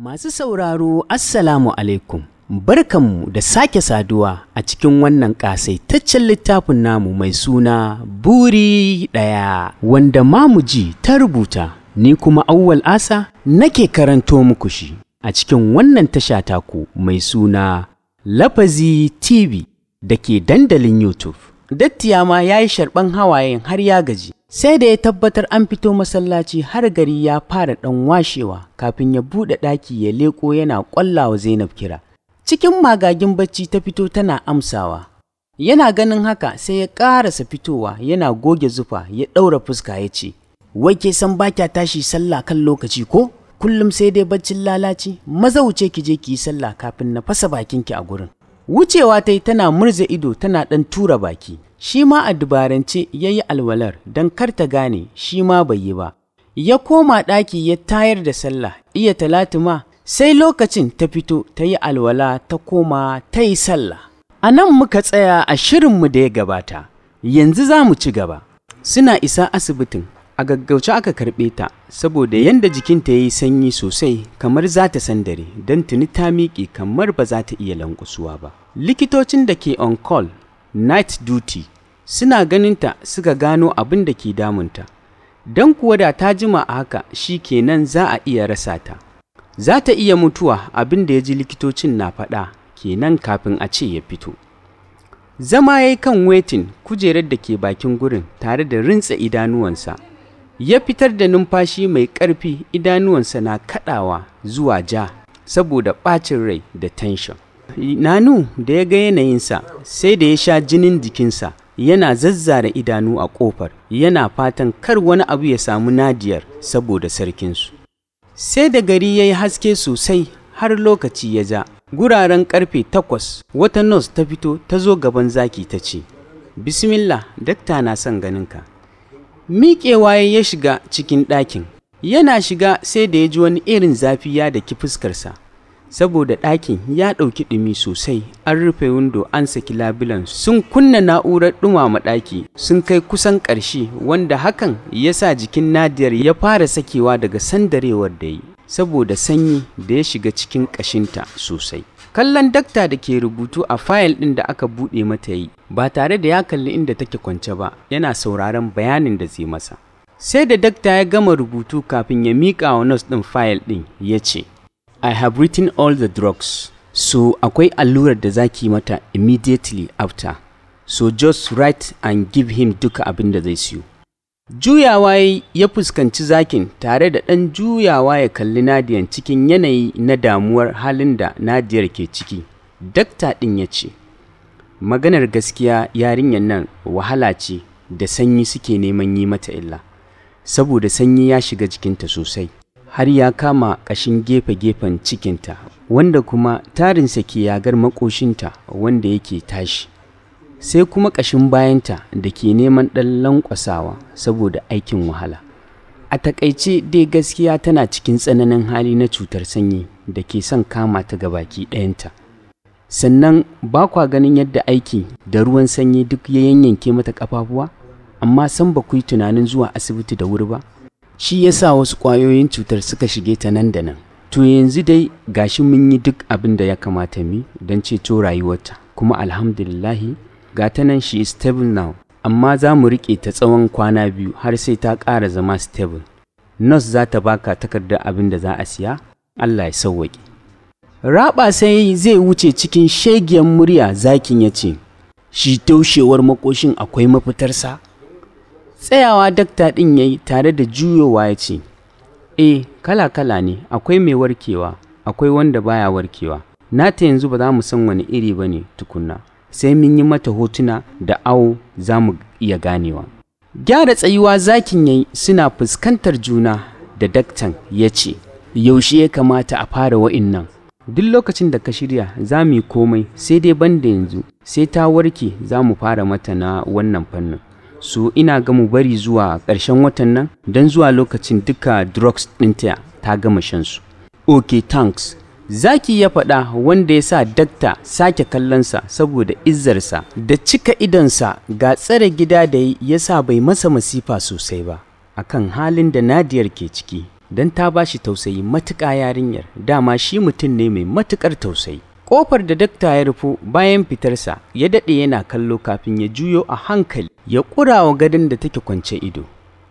Masu sauraro Assalamu alaikum, barkanmu da sake saduwa a cikin wannan ƙasaitaccen littafin namu mai suna Buri ɗaya wanda mamuji ta rubuta, ni kuma auwal asa nake karanto muku shi a cikin wannan tasha taku mai suna Lafazi TV da ke dandalin YouTube. Dattiya ma ya yi sharɓan hawayen har ya gaji, sai da ya tabbatar an fito masallaci har gari ya fara ɗan washewa kafin ya buɗe ɗaki ya leƙo yana ƙwallawa Zainab kira. Cikin magagin bacci ta fito tana amsawa. Yana ganin haka sai ya ƙarasa fitowa yana goge zufa ya ɗaura fuska ya ce, Wai ke san ba tashi sallah kan lokaci ko? Kullum sai dai baccin lalaci, mazauce ki je ki yi sallah kafin na fasa bakinki a gurin. wucewa ta yi tana murza ido tana ɗan tura baki shi ma a dubarance ya yi alwalar don kar ta gane shi ma bai yi ba ya koma ɗaki ya tayar da sallah iya talatu ma sai lokacin ta fito ta yi alwala ta koma ta yi sallah a nan muka tsaya a shirinmu da ya gabata yanzu za mu ci gaba suna isa asibitin a gaggauce aka karɓe ta saboda yadda jikinta ya yi sanyi sosai kamar za ta sandare don tuni ta miƙe kamar ba za ta iya lankusuwa ba likitocin da ke on call night duty suna ganinta suka gano abin da ke damunta don kuwa da ta jima a haka shi kenan za a iya rasa ta za ta iya mutuwa abin da ya ji likitocin na faɗa kenan kafin a ce ya fito zama ya yi kan wetin kujerar da ke bakin gurin tare da rintsa idanuwansa ya fitar da numfashi mai ƙarfi idanuwansa na kaɗawa zuwa ja saboda ɓacin rai da tension nanu da ya ga yanayinsa sai da ya sha jinin jikinsa yana zazzara idanu a ƙofar yana fatan kar wani abu ya samu nadiyar saboda sarkinsu sai da gari ya yi haske sosai har lokaci ya ja guraren ƙarfe takwas wata nurse ta fito ta zo gaban zaki ta ce bismillah dakta na son ganinka miƙewa ya shiga cikin ɗakin yana shiga sai da ya ji wani irin zafi ya daki fuskarsa saboda ɗakin ya ɗauki ɗumi sosai an rufe windo an saki labulan sun kunna na'urar ɗumama ɗaki sun kai kusan ƙarshe wanda hakan ya sa jikin nadiyar ya fara sakewa daga sandarewar da yi saboda sanyi da ya shiga cikin ƙashinta sosai. Kallon dakta da ke rubutu a fayil ɗin da aka buɗe mata yi, ba tare da ya kalli inda take kwance ba, yana sauraron bayanin da zai masa. Sai da dakta ya gama rubutu kafin ya miƙa wa nurse ɗin fayil ɗin ya ce, I have written all the drugs, so akwai allurar da zaki mata immediately after. So just write and give him duka abin da zai siyo. Juyawa ya fuskanci zakin tare da ɗan juyawa ya kalli Nadiyan cikin yanayi na damuwar halin da Nadiyar ke ciki. Dakta ɗin ya ce, Maganar gaskiya yarinyar nan wahala ce da sanyi suke neman yi mata illa, saboda sanyi ya shiga jikinta sosai, har ya kama ƙashin gefe-gefen cikinta, wanda kuma tarinsa ke yagar maƙoshinta wanda yake tashi. sai kuma ƙashin bayanta da ke neman ɗan lankwasawa saboda aikin wahala a takaice dai gaskiya tana cikin tsananin hali na cutar sanyi da ke son kama ta baki ɗayanta sannan ba kwa ganin yadda aiki da ruwan sanyi duk ya yanyanke mata ƙafafuwa amma san ba ku yi tunanin zuwa asibiti da wuri ba shi yasa wasu ƙwayoyin cutar suka shige ta nan da nan To yanzu dai gashi mun yi duk abin da ya kamata mu don ceto rayuwarta, kuma alhamdulillahi ga ta nan shi stable now amma za mu riƙe ta tsawon kwana biyu har sai ta ƙara zama stable nurse za ta baka takardar abin da za a siya allah ya sauwaƙe raba sai zai wuce cikin shegiyar murya zakin ya ce shi taushewar makoshin akwai mafitar sa? tsayawa dakta ɗin ya yi tare da juyowa ya ce e eh, kala-kala ne akwai mai warkewa akwai wanda baya warkewa Na ta yanzu ba za mu san wani iri ba ne tukunna sai mun yi mata hotuna da awo za mu iya ganewa gyara tsayuwa zakin yayi suna fuskantar juna da daktan ya ce yaushe ya kamata a fara wa'innan duk lokacin da ka shirya za mu yi komai sai dai banda yanzu sai ta warke za mu fara mata na wannan fannin so ina ga mu bari zuwa ƙarshen watan nan don zuwa lokacin duka drugs ɗinta ta gama shansu ok thanks Zaki ya faɗa wanda ya sa dakta sake kallonsa saboda izzarsa da cika idonsa ga tsare gida da ya sa bai masa masifa sosai ba akan halin da Nadiyar ke ciki don ta ba shi tausayi matuƙa yarinyar dama shi mutum ne mai matuƙar tausayi. Ƙofar da dakta ya rufo bayan fitarsa ya daɗe yana kallo kafin ya juyo a hankali ya ƙurawa gadon da take kwance ido.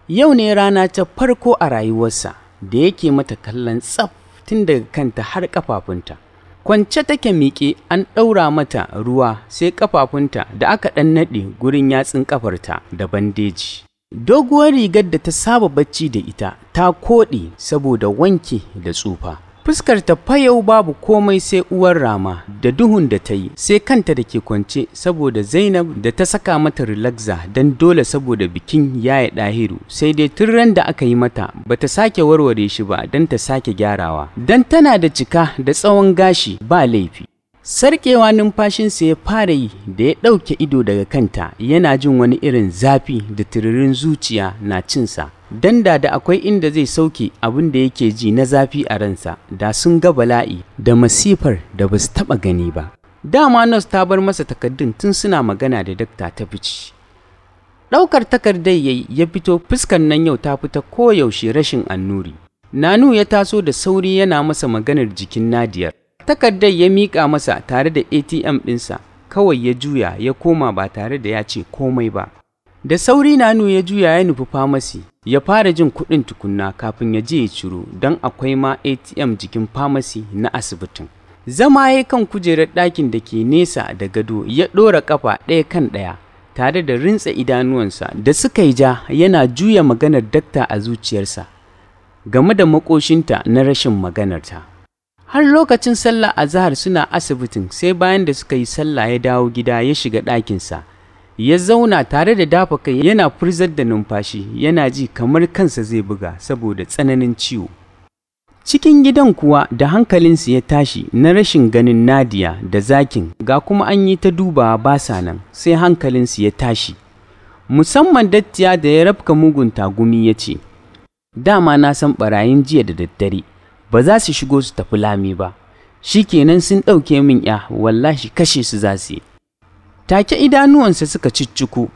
Yau ne rana ta farko a rayuwarsa da yake mata kallon tsaf tun daga kanta har ƙafafunta. Kwance take miƙe an ɗaura mata ruwa sai ƙafafunta da aka ɗan naɗe gurin yatsun ƙafarta da bandeji. Doguwar rigar da ta saba bacci da ita ta koɗe saboda wanke da tsufa. fuskar ta fayau babu komai sai uwar rama da duhun da ta yi sai kanta da ke kwance saboda zainab da ta saka mata relaxa don dole saboda bikin ya yi ɗahiru sai dai tun ran da aka yi mata ba ta sake warware shi ba don ta sake gyarawa don tana da cika da tsawon gashi ba laifi sarkewa numfashinsa ya fara yi da ya ɗauke ido daga kanta yana jin wani irin zafi da tiririn zuciya na cinsa Danda da akwai inda zai sauke abin da yake ji na zafi a ransa da sun ga bala'i da masifar da ba su taɓa gani ba dama nos ta bar masa takardun tun suna magana da dakta ta fice ɗaukar takardar ya fito fuskar nan yau ta fita koyaushe rashin annuri nanu ya taso da sauri yana masa maganar jikin nadiyar takardar ya miƙa masa tare da atm ɗinsa kawai ya juya ya koma ba tare da ya ce komai ba da sauri nanu ya juya ya nufi famasi ya fara jin kuɗin tukunna kafin ya je ya ciro don akwai ma atm jikin famasi na asibitin zama ya kan kujerar ɗakin da ke nesa da gado ya ɗora ƙafa ɗaya kan ɗaya tare da rintsa idanuwansa da suka yi ja yana juya maganar dakta a zuciyarsa game da maƙoshinta na rashin maganarta. har lokacin sallah a zahar suna asibitin sai bayan da suka yi sallah ya dawo gida ya shiga ɗakinsa ya zauna tare da dafa kai yana furzar da numfashi yana ji kamar kansa zai buga saboda tsananin ciwo cikin gidan kuwa da hankalinsu ya tashi na rashin ganin nadiya da zakin ga kuma an yi ta dubawa basa nan sai hankalinsu ya tashi musamman dattiya da ya rafka mugun tagumi ya ce dama na san barayin jiya da daddare ba za su shigo su tafi lami ba shi kenan sun ɗauke min ya wallahi kashe su za su take idanuwansa suka cicciku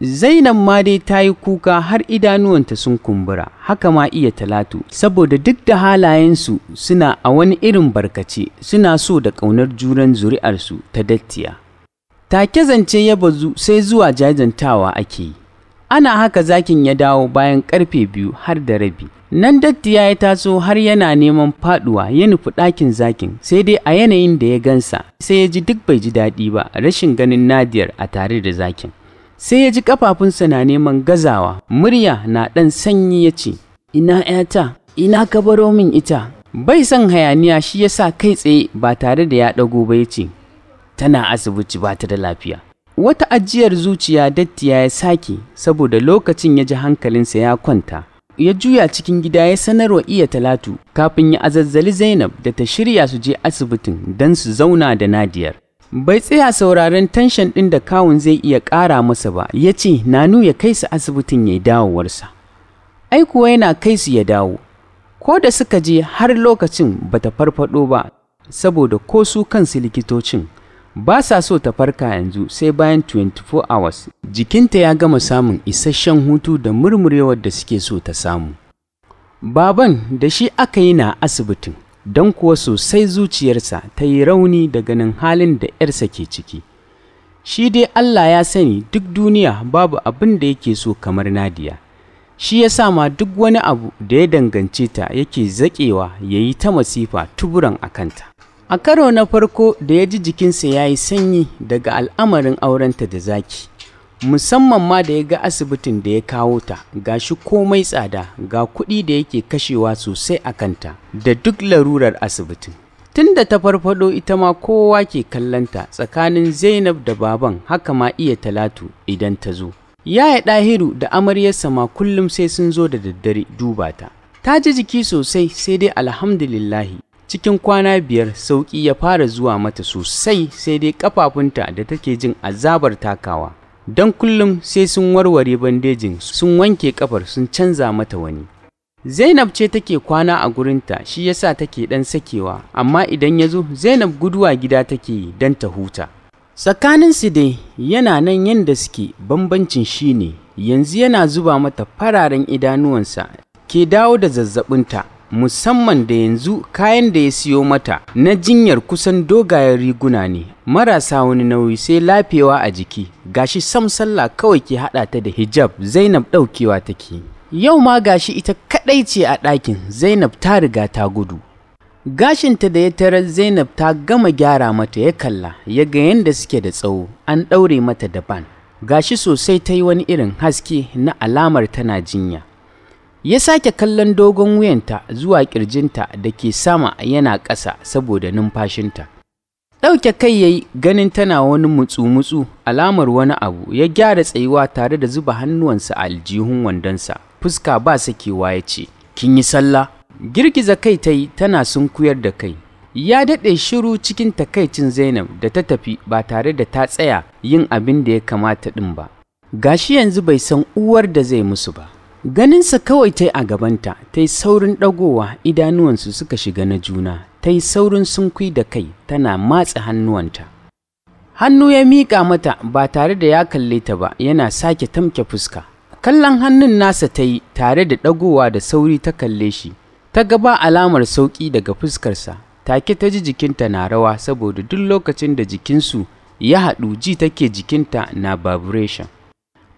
zainab ma dai ta yi kuka har idanuwanta sun kumbura haka ma iya talatu saboda duk da halayensu suna a wani irin barkace suna so da ƙaunar juran zuri'arsu ta dattiya take zance ya bazu sai zuwa jajantawa ake yi ana haka zakin ya dawo bayan karfe biyu har da rabi nan datti ya taso har yana neman faduwa ya nufi ɗakin zakin sai dai a yanayin da ya gansa sai ya ji duk bai ji daɗi ba rashin ganin nadiyar a tare da zakin sai ya ji kafafunsa na neman gazawa murya na ɗan sanyi ya ce ina yata ina ka baro min ita bai son hayaniya shi ya sa kai tsaye ba tare da ya ɗago ba ya ce tana asibiti ba ta da lafiya wata ajiyar zuciya dattiya ya sake saboda lokacin ya ji hankalinsa ya kwanta ya juya cikin gida ya sanarwa iya talatu kafin ya azazzali zainab da ta shirya su je asibitin don su zauna da nadiyar bai tsaya sauraren tanshan ɗin da kawun zai iya ƙara masa ba ya ce nanu ya kai su asibitin ya dawowarsa ai kuwa yana kai su ya dawo ko da suka je har lokacin bata farfado ba saboda ko su kansu likitocin ba sa so ta farka yanzu sai bayan 24 hours jikinta ya gama samun isasshen hutu da murmurewar da suke so ta samu baban da shi aka yi na asibitin don kuwa sosai zuciyarsa ta yi rauni da ganin halin da 'yarsa ke ciki shi dai allah ya sani duk duniya babu abin da yake so kamar nadiya shi ya sa ma duk wani abu da ya dangance ta yake zaƙewa ya yi ta masifa tuburan a kanta a karo na farko da ya ji jikinsa ya yi sanyi daga al'amarin aurenta da zaki musamman ma da ya ga asibitin da ya kawo ta ga shi komai tsada ga kuɗi da yake kashewa sosai a kanta da duk larurar asibitin tun da ta farfado ita ma kowa ke kallanta tsakanin zainab da baban haka ma iya talatu idan ta zo Ya yi ɗahiru da amaryarsa ma kullum sai sun zo da daddare duba ta ta ji jiki sosai sai dai alhamdulillahi cikin kwana biyar sauƙi ya fara zuwa mata sosai sai dai ƙafafunta da take jin azabar takawa don kullum sai sun warware bandejin sun wanke ƙafar sun canza mata wani zainab ce take kwana a gurinta shi yasa take ɗan sakewa amma idan ya zo zainab guduwa gida take yi don ta huta tsakaninsu dai yana nan yadda suke bambancin shine yanzu yana zuba mata fararen idanuwansa ke dawo da zazzabinta musamman da yanzu kayan da ya siyo mata na jinyar kusan dogayen riguna ne marasa wani nauyi sai lafewa a jiki gashi sam sallah kawai ke haɗa ta da hijab zainab ɗaukewa take yau ma gashi ita kadai ce a ɗakin zainab ta riga ta gudu gashinta da ya tarar zainab ta gama gyara mata ya kalla ya ga yadda suke da tsawo an ɗaure mata daban gashi sosai ta yi wani irin haske na alamar tana jinya ya sake kallon dogon wuyanta zuwa kirjinta da ke sama yana ƙasa saboda numfashinta ɗauke kai ya yi ganin tana wani mutsu-mutsu alamar wani abu ya gyara tsayuwa tare da zuba hannuwansa a aljihun wandonsa fuska ba sakewa ya ce kin yi sallah girgiza kai ta yi tana sunkuyar da kai ya daɗe shiru cikin takaicin zainab da ta tafi ba tare da ta tsaya yin abin da ya kamata ɗin ba gashi yanzu bai san uwar da zai musu ba ganinsa kawai ta yi a gabanta ta yi saurin ɗagowa idanuwansu suka shiga na juna ta yi saurin sunkwi da kai tana matsa hannuwanta hannu ya mika mata ba tare da ya kalle ta ba yana sake tamke fuska kallon hannun nasa ta yi tare da ɗagowa da sauri ta kalle shi ta gaba alamar sauƙi daga fuskarsa take ta ji jikinta na rawa saboda duk lokacin da jikinsu ya haɗu ji take jikinta na vibration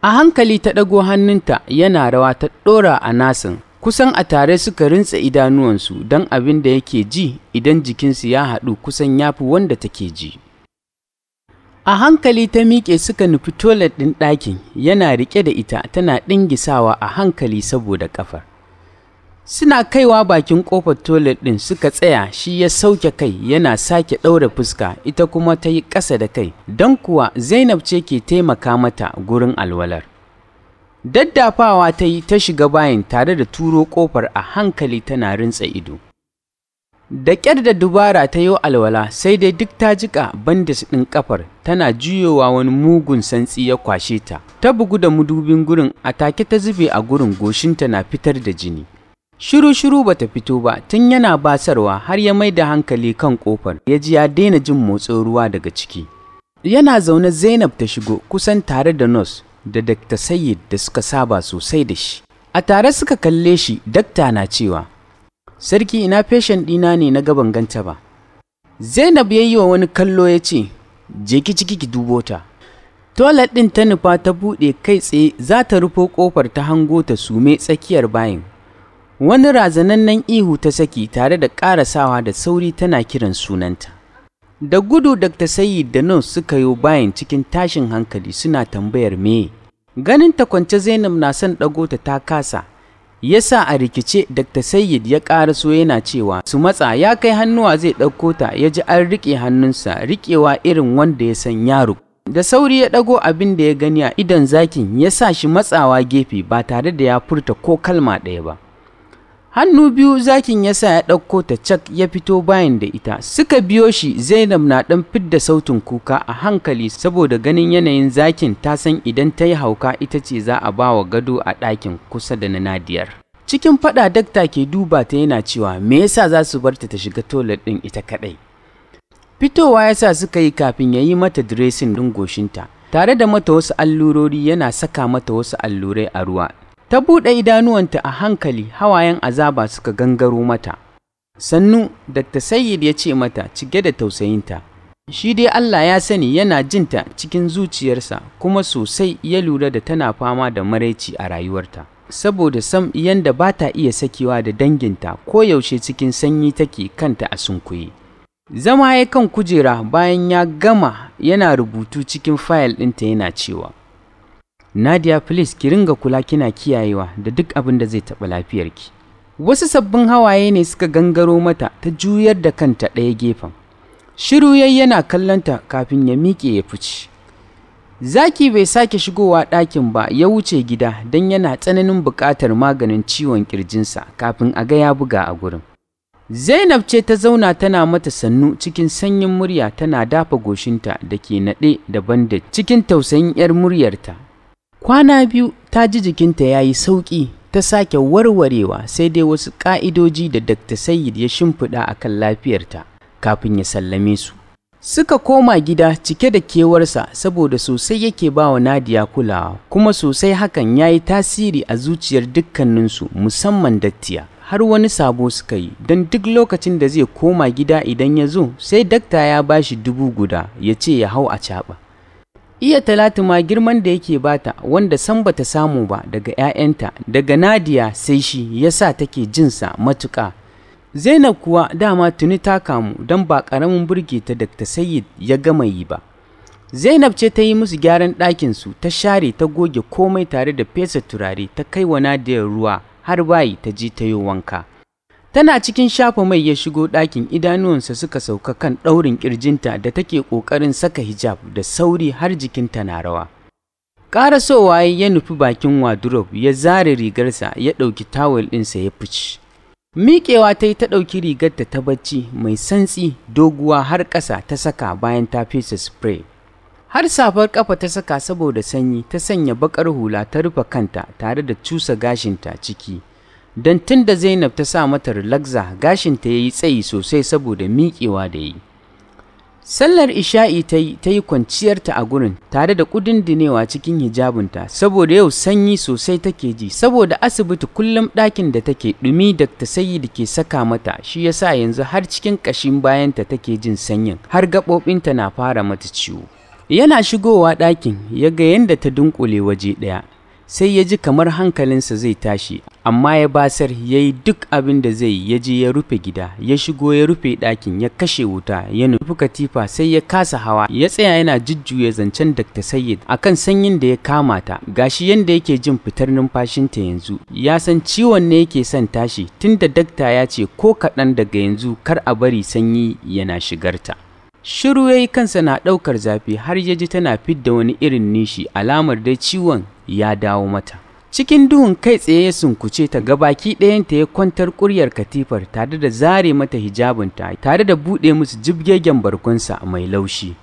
A hankali ta ɗago hannunta yana rawa ta ɗora a nasin. Kusan a tare suka rintse idanuwansu don abin da yake ji idan jikinsu ya haɗu kusan yafi wanda take ji. A hankali ta miƙe suka nufi tolet ɗin ɗakin yana riƙe da ita tana ɗingisawa a hankali saboda ƙafar. suna kaiwa bakin kofar toilet ɗin suka tsaya shi ya sauke kai yana sake ɗaure fuska ita kuma ta yi ƙasa da kai don kuwa zainab ce ke taimaka mata gurin alwalar daddafawa ta yi ta shiga bayan tare da turo kofar a hankali tana rintsa ido da ƙyar da dubara ta yi alwala sai dai duk ta jiƙa bandis ɗin ƙafar tana juyowa wani mugun santsi ya kwashe ta ta bugu da mudubin gurin a take ta zube a gurin goshinta na fitar da jini Shiru-shiru bata fito ba tun yana basarwa har ya mai da hankali kan ƙofar. ya ji ya daina jin motsin ruwa daga ciki. Yana zaune Zainab ta shigo kusan tare da Nos da Dr. Sayyid da suka saba sosai da shi. A tare suka kalle shi dakta na cewa, Sarki ina feshen ɗina ne na gaban ganta ba. Zainab ya yi wa wani kallo ya ce, Je ki ciki ki dubo ta. Toilet ɗin ta nufa ta buɗe kai tsaye za ta rufo ƙofar ta hango ta sume tsakiyar bayin wani razanannen ihu ta saki tare da ƙarasawa da sauri tana kiran sunanta da gudu dr sayid da nurse suka yi bayan cikin tashin hankali suna tambayar me ganin ta kwance zainab na son ɗago ta ta kasa yasa a rikice dr sayid ya ƙaraso yana cewa su matsa ya kai hannuwa zai ɗauko ta ya ji an riƙe hannunsa riƙewa irin wanda ya san yaro da sauri ya ɗago abin da ya gani a idon zakin ya sa shi matsawa gefe ba tare da ya furta ko kalma ɗaya ba hannu biyu zakin ya sa ya ɗauko ta cak ya fito bayan da ita suka biyo shi zainab na ɗan fidda sautin kuka a hankali saboda ganin yanayin zakin ta san idan ta yi hauka ita ce za a ba wa gado a ɗakin kusa da na nadiyar cikin faɗa dakta ke duba ta yana cewa me yasa za su barta ta shiga toilet ɗin ita kaɗai fitowa yasa suka yi kafin ya yi mata dressing ɗin goshinta tare da mata wasu allurori yana saka mata wasu allurai a ruwa ta buɗe idanuwanta a hankali hawayen azaba suka gangaro mata sannu dr sayyid ya ce mata cike da tausayinta shi dai allah ya sani yana jinta cikin zuciyarsa kuma sosai ya lura da tana fama da maraici a rayuwarta saboda sam yanda ba ta iya sakewa da danginta ko yaushe cikin sanyi take kanta a sunkuye zama ya kan kujera bayan ya gama yana rubutu cikin fayil ɗinta yana cewa Nadia please ki ringa kula kina kiyayewa da duk abin da zai taɓa ki. Wasu sabbin hawaye ne suka gangaro mata ta juyar da kanta ɗaya gefen. Shiru yayi yana kallonta kafin ya miƙe ya fice. Zaki bai sake shigowa ɗakin ba ya wuce gida don yana tsananin buƙatar maganin ciwon ƙirjinsa kafin a ga ya buga a gurin. Zainab ce ta zauna tana mata sannu cikin sanyin murya tana dafa goshinta da ke naɗe daban da cikin tausayin 'yar muryarta kwana biyu ta ji jikinta ya yi sauƙi ta sake warwarewa sai dai wasu ƙa'idoji da Dr. Sayyid ya shimfiɗa a kan lafiyarta kafin ya sallame su. Suka koma gida cike da kewarsa saboda sosai yake ba wa Nadiya kulawa, kuma sosai hakan ya yi tasiri a zuciyar dukkaninsu musamman dattiya. Har wani sabo suka yi don duk lokacin da zai koma gida idan ya zo sai dakta ya bashi dubu guda ya ce ya hau a caɓa. iya talatu ma girman da yake bata wanda san bata samu ba daga 'ya'yanta daga nadiya sai shi ya sa take jinsa matuƙa zainab kuwa dama tuni ta kamu don ba ƙaramin burge ta Dr. sayyid ya gama yi ba zainab ce ta yi musu gyaran ɗakinsu ta share ta goge komai tare da fesa turare ta kai wa nadiyar ruwa har bayi ta je ta yi wanka Tana cikin shafa mai ya shigo ɗakin idanuwansa suka sauka kan ɗaurin ƙirjinta da take ƙoƙarin saka hijab da sauri har jikinta na rawa. Ƙara Ƙarasowa ya nufi bakin wardrobe ya zare rigarsa ya ɗauki tawul ɗinsa ya fice. Miƙewa ta yi ta ɗauki rigarta ta bacci mai santsi doguwa har ƙasa ta saka bayan ta fesa spray. Har safar ƙafa ta saka saboda sanyi ta sanya baƙar hula ta rufe kanta tare da cusa gashinta ciki. don tun da zainab ta sa mata relaxa gashinta ya yi tsayi sosai saboda miƙewa da yi sallar isha'i ta yi ta yi kwanciyarta a gurin tare da dinewa cikin hijabinta saboda yau sanyi sosai take ji saboda asibiti kullum ɗakin da take ɗumi da ta sayi da ke saka mata shi ya sa yanzu har cikin ƙashin bayanta take jin sanyin har gaɓoɓinta na fara mata ciwo yana shigowa ɗakin ya ga yadda ta dunƙule waje ɗaya sai ya ji kamar hankalinsa zai tashi amma ya basar ya yi duk abin da zai ya je ya rufe gida ya shigo ya rufe ɗakin ya kashe wuta ya nufi katifa sai ya kasa hawa ya tsaya yana jujjuya zancen dr sayyid akan sanyin da ya kama ta gashi yadda yake jin fitar numfashinta yanzu ya san ciwon ne yake son tashi tunda dakta ya ce ko kaɗan daga yanzu kar a bari sanyi yana shigarta Shiru ya yi kansa na ɗaukar zafi har ya ji tana fidda wani irin nishi alamar dai ciwon ya dawo mata. Cikin duhun kai tsaye ya sunkuce ta ga baki ɗayanta ya kwantar ƙuryar katifar tare da zare mata hijabinta tare da buɗe musu jibgegen barkonsa mai laushi.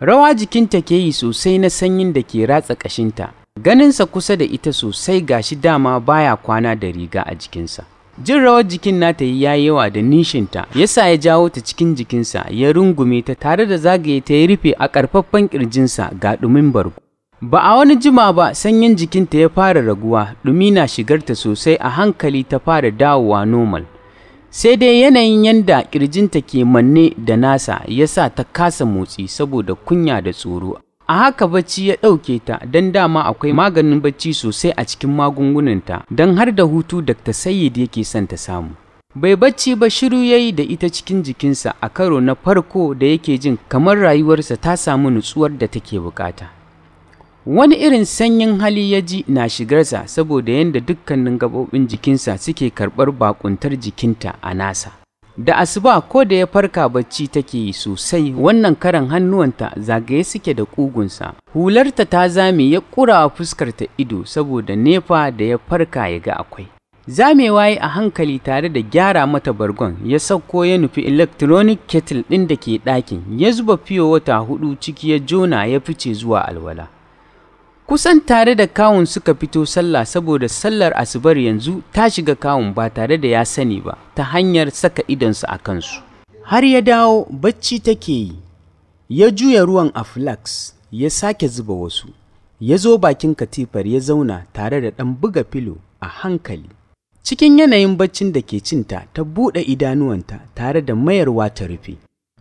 Rawa jikinta ke yi sosai na sanyin da ke ratsa ƙashinta, ganinsa kusa da ita sosai gashi dama baya kwana da riga a jikinsa. jin rawar jikin nata ya yi yawa da nishinta ya sa ya jawo ta cikin jikinsa ya rungume ta tare da zagaye ta ya rufe a ƙarfaffen ƙirjinsa ga ɗumin bargo ba a wani jima ba sanyin jikinta ya fara raguwa ɗumi na shigarta sosai a hankali ta fara dawowa normal sai dai yanayin yanda ƙirjinta ke manne da nasa ya sa ta kasa motsi saboda kunya da tsoro a haka bacci ya ɗauke ta don dama akwai maganin bacci sosai a cikin magungunanta don har da hutu dr Sayyid yake son ta samu bai bacci ba shiru ya yi da ita cikin jikinsa a karo na farko da yake jin kamar rayuwarsa ta samu nutsuwar da take bukata wani irin sanyin hali ya ji na shigarsa saboda yadda dukkanin gaɓoɓin jikinsa suke karɓar bakuntar jikinta a nasa Da asuba ko da ya farka bacci take yi sosai wannan karan hannuwanta zagaye suke da ƙugunsa. Hularta ta zame ya ƙurawa fuskarta ido saboda nefa da ya farka ya ga akwai. Zamewa yi a hankali tare da gyara mata bargon ya sauko ya nufi electronic kettle ɗin da ke ɗakin ya zuba fiyo wata hudu ciki ya jona ya fice zuwa alwala. kusan tare da kawun suka fito sallah saboda sallar asubar yanzu ta shiga kawun ba tare da ya sani ba ta hanyar saka idonsa a kansu har ya dawo bacci take yi ya juya ruwan a flax ya sake zuba wasu ya zo bakin katifar ya zauna tare da ɗan buga filo a hankali cikin yanayin baccin da ke cinta ta buɗe idanuwanta tare da mayarwa ta rufe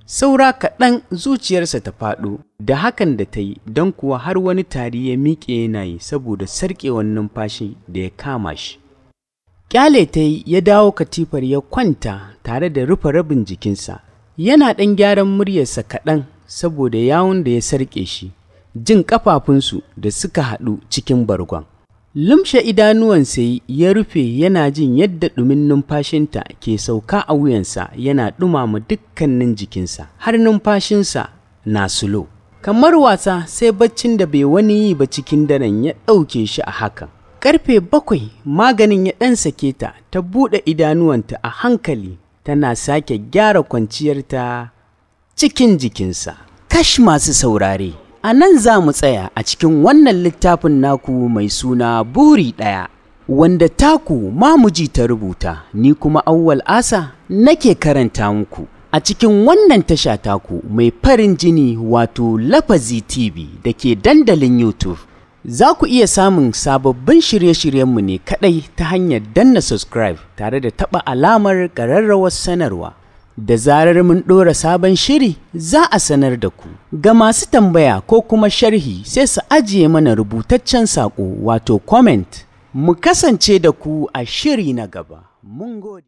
saura kaɗan zuciyarsa ta faɗo da hakan da ta yi don kuwa har wani tari ya miƙe yana yi saboda sarƙewar numfashi da ya kama shi ƙyale ta yi ya dawo katifar ya kwanta tare da rufe rabin jikinsa yana ɗan gyaran muryarsa kaɗan saboda yawon da ya sarƙe shi jin ƙafafunsu da suka haɗu cikin bargon Lumshe idanuwansa ya rufe yana jin yadda ɗumin numfashinta ke sauka a wuyansa yana ɗumama dukkanin jikinsa har numfashinsa na sulo. Kamar wasa sai baccin da bai wani yi ba cikin daren ya ɗauke shi a hakan. Karfe bakwai maganin ya ɗan sake ta ta buɗe idanuwanta a hankali tana sake gyara kwanciyarta cikin jikinsa. Kash masu saurare. A nan za mu tsaya a cikin wannan littafin naku mai suna buri ɗaya, wanda taku mamuji ta rubuta, ni kuma awwal asa nake karanta muku. A cikin wannan tasha taku mai farin jini wato Lafazi TV da ke dandalin YouTube. Za ku iya samun sababbin shirye-shiryenmu ne kaɗai ta hanyar danna subscribe tare da taɓa alamar ƙararrawar sanarwa. da zarar mun ɗora sabon shiri za a sanar da ku. Ga masu tambaya ko kuma sharhi sai su ajiye mana rubutaccen saƙo wato comment. Mu kasance da ku a shiri na gaba. Mun gode.